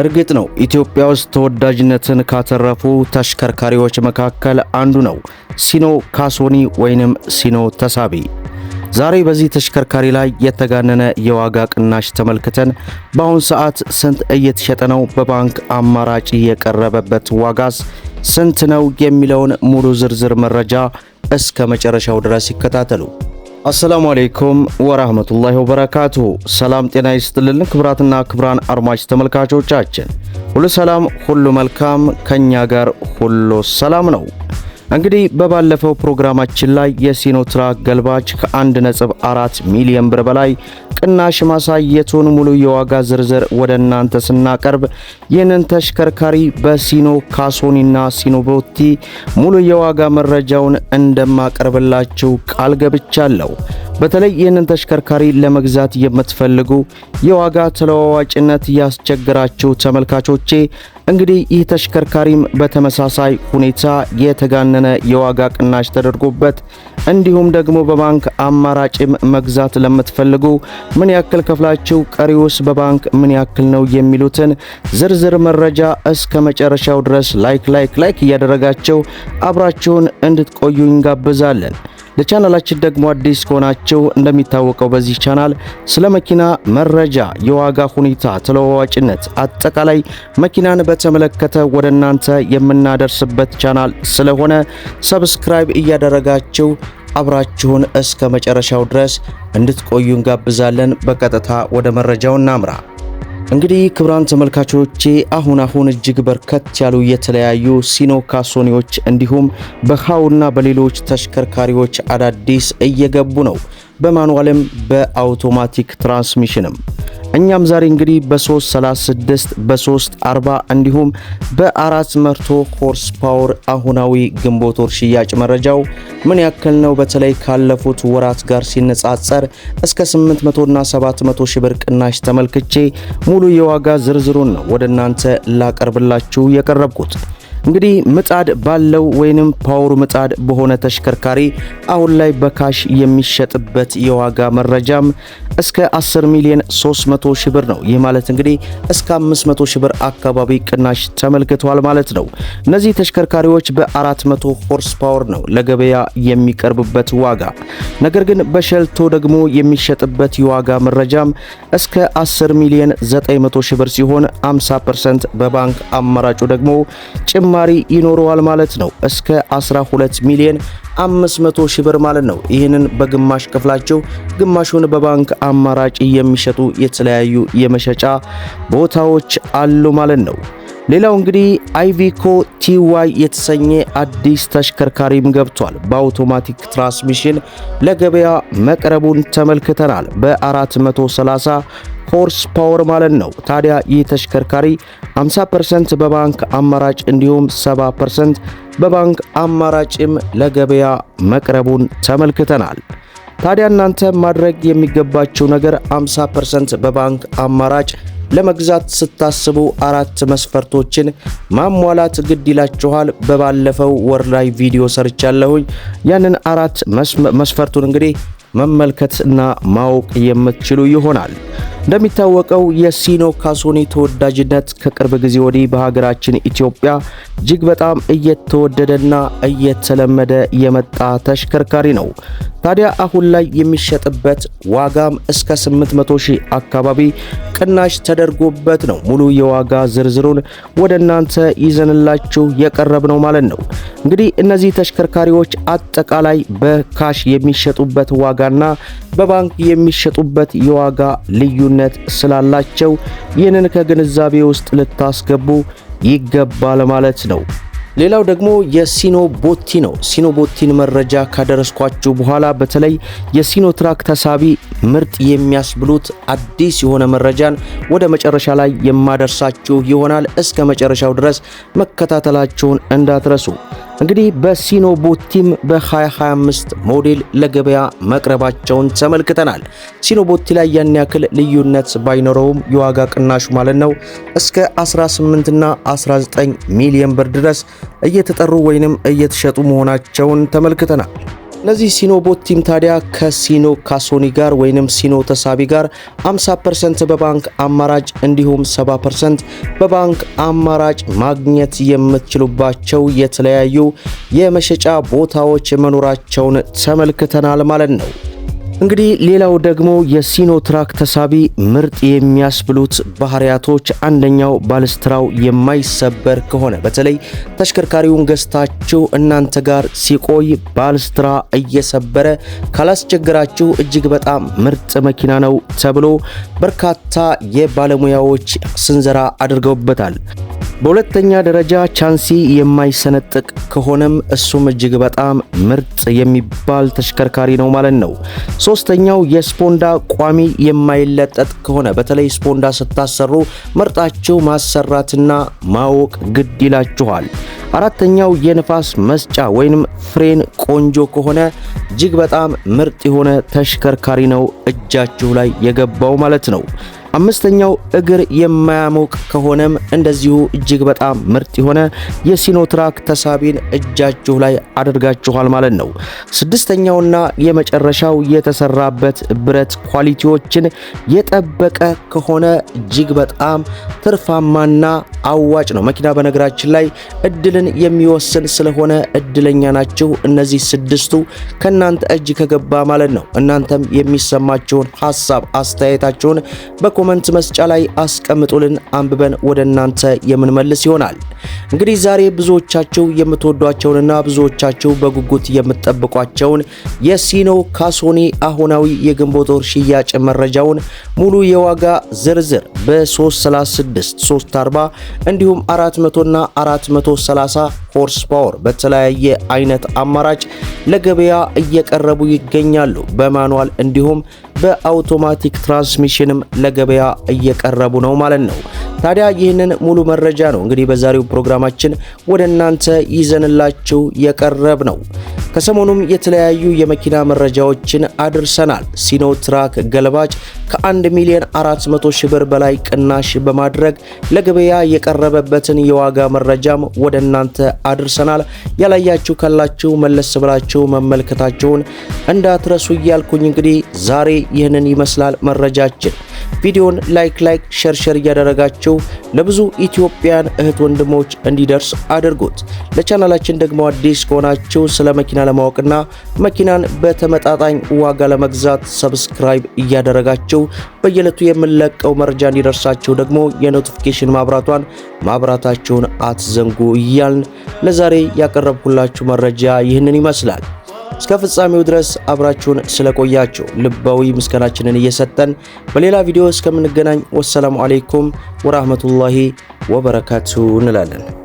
እርግጥ ነው ኢትዮጵያ ውስጥ ተወዳጅነትን ካተረፉ ተሽከርካሪዎች መካከል አንዱ ነው ሲኖ ካሶኒ ወይንም ሲኖ ተሳቢ። ዛሬ በዚህ ተሽከርካሪ ላይ የተጋነነ የዋጋ ቅናሽ ተመልክተን በአሁን ሰዓት ስንት እየተሸጠ ነው፣ በባንክ አማራጭ የቀረበበት ዋጋስ ስንት ነው የሚለውን ሙሉ ዝርዝር መረጃ እስከ መጨረሻው ድረስ ይከታተሉ። አሰላሙ አሌይኩም ወራህመቱላሂ ወበረካቱ። ሰላም ጤና ይስጥልን ክብራትና ክብራን አድማጭ ተመልካቾቻችን ሁሉ ሰላም ሁሉ መልካም፣ ከእኛ ጋር ሁሉ ሰላም ነው። እንግዲህ በባለፈው ፕሮግራማችን ላይ የሲኖትራክ ገልባጭ ከ1.4 ሚሊዮን ብር በላይ ቅናሽ ማሳየቱን ሙሉ የዋጋ ዝርዝር ወደ እናንተ ስናቀርብ ይህንን ተሽከርካሪ በሲኖ ካሶኒና ሲኖ ቦቲ ሙሉ የዋጋ መረጃውን እንደማቀርብላችሁ ቃል ገብቻለሁ። በተለይ ይህንን ተሽከርካሪ ለመግዛት የምትፈልጉ የዋጋ ተለዋዋጭነት ያስቸግራችሁ ተመልካቾቼ እንግዲህ ይህ ተሽከርካሪም በተመሳሳይ ሁኔታ የተጋነነ የዋጋ ቅናሽ ተደርጎበት እንዲሁም ደግሞ በባንክ አማራጭም መግዛት ለምትፈልጉ ምን ያክል ከፍላችሁ ቀሪውስ በባንክ ምን ያክል ነው የሚሉትን ዝርዝር መረጃ እስከ መጨረሻው ድረስ ላይክ ላይክ ላይክ እያደረጋቸው አብራችሁን እንድትቆዩ እንጋብዛለን። ለቻናላችን ደግሞ አዲስ ከሆናችሁ እንደሚታወቀው በዚህ ቻናል ስለ መኪና መረጃ፣ የዋጋ ሁኔታ፣ ተለዋዋጭነት፣ አጠቃላይ መኪናን በተመለከተ ወደ እናንተ የምናደርስበት ቻናል ስለሆነ ሰብስክራይብ እያደረጋችሁ አብራችሁን እስከ መጨረሻው ድረስ እንድትቆዩ እንጋብዛለን። በቀጥታ ወደ መረጃው እናምራ። እንግዲህ ክብራን ተመልካቾቼ አሁን አሁን እጅግ በርከት ያሉ የተለያዩ ሲኖ ካሶኒዎች እንዲሁም በሃውና በሌሎች ተሽከርካሪዎች አዳዲስ እየገቡ ነው። በማኑዋልም በአውቶማቲክ ትራንስሚሽንም እኛም ዛሬ እንግዲህ በ336 በ340 እንዲሁም በ400 ሆርስ ፓወር አሁናዊ ግንቦት ወር ሽያጭ መረጃው ምን ያክል ነው? በተለይ ካለፉት ወራት ጋር ሲነጻጸር እስከ 800 እና 700 ሺህ ብር ቅናሽ ተመልክቼ ሙሉ የዋጋ ዝርዝሩን ነው ወደ እናንተ ላቀርብላችሁ የቀረብኩት። እንግዲህ ምጣድ ባለው ወይንም ፓወር ምጣድ በሆነ ተሽከርካሪ አሁን ላይ በካሽ የሚሸጥበት የዋጋ መረጃም እስከ 10 ሚሊዮን 300 ሺህ ብር ነው። ይህ ማለት እንግዲህ እስከ 500 ሺህ ብር አካባቢ ቅናሽ ተመልክቷል ማለት ነው። እነዚህ ተሽከርካሪዎች በ400 ሆርስ ፓወር ነው ለገበያ የሚቀርብበት ዋጋ። ነገር ግን በሸልቶ ደግሞ የሚሸጥበት የዋጋ መረጃም እስከ 10 ሚሊዮን 900 ሺህ ብር ሲሆን 50% በባንክ አማራጩ ደግሞ ጭማ ጭማሪ ይኖረዋል ማለት ነው። እስከ 12 ሚሊዮን 500 ሺህ ብር ማለት ነው። ይህንን በግማሽ ክፍላቸው ግማሹን በባንክ አማራጭ የሚሸጡ የተለያዩ የመሸጫ ቦታዎች አሉ ማለት ነው። ሌላው እንግዲህ አይቪኮ ቲዋይ የተሰኘ አዲስ ተሽከርካሪም ገብቷል። በአውቶማቲክ ትራንስሚሽን ለገበያ መቅረቡን ተመልክተናል። በ430 ሆርስ ፓወር ማለት ነው። ታዲያ ይህ ተሽከርካሪ 50% በባንክ አማራጭ እንዲሁም 70% በባንክ አማራጭም ለገበያ መቅረቡን ተመልክተናል። ታዲያ እናንተ ማድረግ የሚገባቸው ነገር 50% በባንክ አማራጭ ለመግዛት ስታስቡ አራት መስፈርቶችን ማሟላት ግድ ይላችኋል። በባለፈው ወር ላይ ቪዲዮ ሰርቻለሁኝ። ያንን አራት መስፈርቱን እንግዲህ መመልከትና ማወቅ የምትችሉ ይሆናል። እንደሚታወቀው የሲኖ ካሶኒ ተወዳጅነት ከቅርብ ጊዜ ወዲህ በሀገራችን ኢትዮጵያ እጅግ በጣም እየተወደደና እየተለመደ የመጣ ተሽከርካሪ ነው። ታዲያ አሁን ላይ የሚሸጥበት ዋጋም እስከ 800 ሺህ አካባቢ ቅናሽ ተደርጎበት ነው። ሙሉ የዋጋ ዝርዝሩን ወደ እናንተ ይዘንላችሁ የቀረብ ነው ማለት ነው። እንግዲህ እነዚህ ተሽከርካሪዎች አጠቃላይ በካሽ የሚሸጡበት ዋጋና በባንክ የሚሸጡበት የዋጋ ልዩነት ስላላቸው ይህንን ከግንዛቤ ውስጥ ልታስገቡ ይገባል ማለት ነው። ሌላው ደግሞ የሲኖ ቦቲ ነው። ሲኖ ቦቲን መረጃ ካደረስኳችሁ በኋላ በተለይ የሲኖ ትራክ ተሳቢ ምርጥ የሚያስብሉት አዲስ የሆነ መረጃን ወደ መጨረሻ ላይ የማደርሳችሁ ይሆናል። እስከ መጨረሻው ድረስ መከታተላችሁን እንዳትረሱ። እንግዲህ በሲኖቦቲም በ2025 ሞዴል ለገበያ መቅረባቸውን ተመልክተናል። ሲኖቦቲ ላይ ያን ያክል ልዩነት ባይኖረውም የዋጋ ቅናሹ ማለት ነው እስከ 18 እና 19 ሚሊዮን ብር ድረስ እየተጠሩ ወይንም እየተሸጡ መሆናቸውን ተመልክተናል። እነዚህ ሲኖቦት ቲም ታዲያ ከሲኖ ካሶኒ ጋር ወይንም ሲኖ ተሳቢ ጋር 50% በባንክ አማራጭ እንዲሁም 70% በባንክ አማራጭ ማግኘት የምትችሉባቸው የተለያዩ የመሸጫ ቦታዎች መኖራቸውን ተመልክተናል ማለት ነው። እንግዲህ ሌላው ደግሞ የሲኖትራክ ተሳቢ ምርጥ የሚያስብሉት ባህሪያቶች አንደኛው ባልስትራው የማይሰበር ከሆነ በተለይ ተሽከርካሪውን ገዝታችሁ እናንተ ጋር ሲቆይ ባልስትራ እየሰበረ ካላስቸገራችሁ እጅግ በጣም ምርጥ መኪና ነው ተብሎ በርካታ የባለሙያዎች ስንዘራ አድርገውበታል። በሁለተኛ ደረጃ ቻንሲ የማይሰነጥቅ ከሆነም እሱም እጅግ በጣም ምርጥ የሚባል ተሽከርካሪ ነው ማለት ነው። ሶስተኛው የስፖንዳ ቋሚ የማይለጠጥ ከሆነ በተለይ ስፖንዳ ስታሰሩ መርጣችሁ ማሰራትና ማወቅ ግድ ይላችኋል። አራተኛው የንፋስ መስጫ ወይንም ፍሬን ቆንጆ ከሆነ እጅግ በጣም ምርጥ የሆነ ተሽከርካሪ ነው እጃችሁ ላይ የገባው ማለት ነው። አምስተኛው እግር የማያሞቅ ከሆነም እንደዚሁ እጅግ በጣም ምርጥ የሆነ የሲኖትራክ ተሳቢን እጃችሁ ላይ አድርጋችኋል ማለት ነው። ስድስተኛውና የመጨረሻው የተሰራበት ብረት ኳሊቲዎችን የጠበቀ ከሆነ እጅግ በጣም ትርፋማና አዋጭ ነው። መኪና በነገራችን ላይ እድልን የሚወስን ስለሆነ እድለኛ ናችሁ። እነዚህ ስድስቱ ከእናንተ እጅ ከገባ ማለት ነው። እናንተም የሚሰማችሁን ሀሳብ አስተያየታችሁን በኮ ኮመንት መስጫ ላይ አስቀምጡልን አንብበን ወደ እናንተ የምንመልስ ይሆናል። እንግዲህ ዛሬ ብዙዎቻችሁ የምትወዷቸውንና ብዙዎቻችሁ በጉጉት የምትጠብቋቸውን የሲኖ ካሶኒ አሁናዊ የግንቦት ወር ሽያጭ መረጃውን ሙሉ የዋጋ ዝርዝር በ336 340 እንዲሁም 400ና 430 ሆርስ ፓወር በተለያየ አይነት አማራጭ ለገበያ እየቀረቡ ይገኛሉ። በማኑዋል እንዲሁም በአውቶማቲክ ትራንስሚሽንም ለገበያ እየቀረቡ ነው ማለት ነው። ታዲያ ይህንን ሙሉ መረጃ ነው እንግዲህ በዛሬው ፕሮግራማችን ወደ እናንተ ይዘንላችሁ የቀረብ ነው። ከሰሞኑም የተለያዩ የመኪና መረጃዎችን አድርሰናል። ሲኖ ትራክ ገልባጭ ከ1 ሚሊዮን 400 ሺህ ብር በላይ ቅናሽ በማድረግ ለገበያ የቀረበበትን የዋጋ መረጃም ወደ እናንተ አድርሰናል። ያላያችሁ ካላችሁ መለስ ብላችሁ መመልከታችሁን እንዳትረሱ እያልኩኝ እንግዲህ ዛሬ ይህንን ይመስላል መረጃችን። ቪዲዮን ላይክ ላይክ ሸር ሸር እያደረጋችሁ ለብዙ ኢትዮጵያን እህት ወንድሞች እንዲደርስ አድርጉት። ለቻናላችን ደግሞ አዲስ ከሆናችሁ ስለ መኪና ለማወቅና መኪናን በተመጣጣኝ ዋጋ ለመግዛት ሰብስክራይብ እያደረጋችሁ በየዕለቱ የምንለቀው መረጃ እንዲደርሳችሁ ደግሞ የኖቲፊኬሽን ማብራቷን ማብራታችሁን አትዘንጉ እያልን ለዛሬ ያቀረብኩላችሁ መረጃ ይህንን ይመስላል። እስከ ፍጻሜው ድረስ አብራችሁን ስለቆያችሁ ልባዊ ምስጋናችንን እየሰጠን በሌላ ቪዲዮ እስከምንገናኝ ወሰላሙ አሌይኩም ወራህመቱላሂ ወበረካቱ እንላለን።